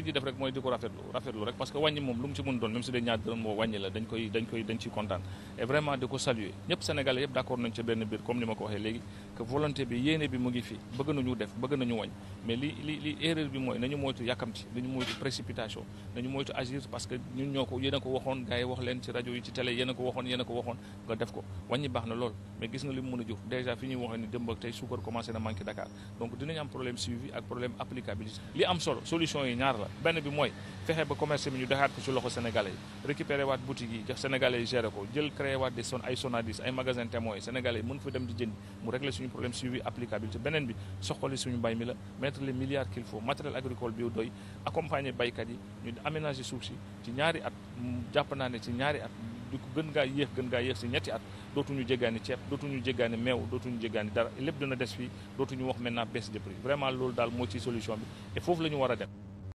li ñu def rek mooy di ko rafetlu rafetlu rek parce que wàññi moom lu mu ci mun doon même su dee ñaar dërëm moo la dañ koy dañ koy dañ ciy kontaan et vraiment di ko saluer ñëpp sénégalais yëpp d'accord nañ ca benn biir comme ni ma ko waxee léegi que volonté bi yéene bi mu ngi fi bëgg nañu def bëgg nañu wañ mais li li erreur bi mooy nañu moytu yàkkamti nañu moytu précipitation nañu moytu agir parce que ñun ñoo ko yéen a ko waxoon gars yi wax leen ci rajo yi ci télé yéen a ko waxoon yéen nga def ko wàññi baax na lool mais gis nga li mu mën a jur déjà fi ñuy waxee ni dëmb tey suukar commencé na manqué Dakar donc dinañ am problème suivi ak problème applicabilité li am solo solution yi ñaar la b bi mooy fexe ba commerce bi ñu dexaat ko ci loxo sénégalais problème suivi applicabilité beneen bi soxali suñu mbay mi la mettre les milliards qu'il faut matériel agricole bi doy accompagner baykat yi ñu aménager suuf si ci ñaari at jàpp naa ne ci ñaari at du ko gën ngaa yéex gën ngaa yéex si ñetti at dootuñu jéggaani ceeb dootuñu jéggaani meew dootuñu jéggaani dara lép dina des fii dootuñu wax maintenant baisse de prix vraiment loolu daal moo ci solution bi et foofu la ñu war a dem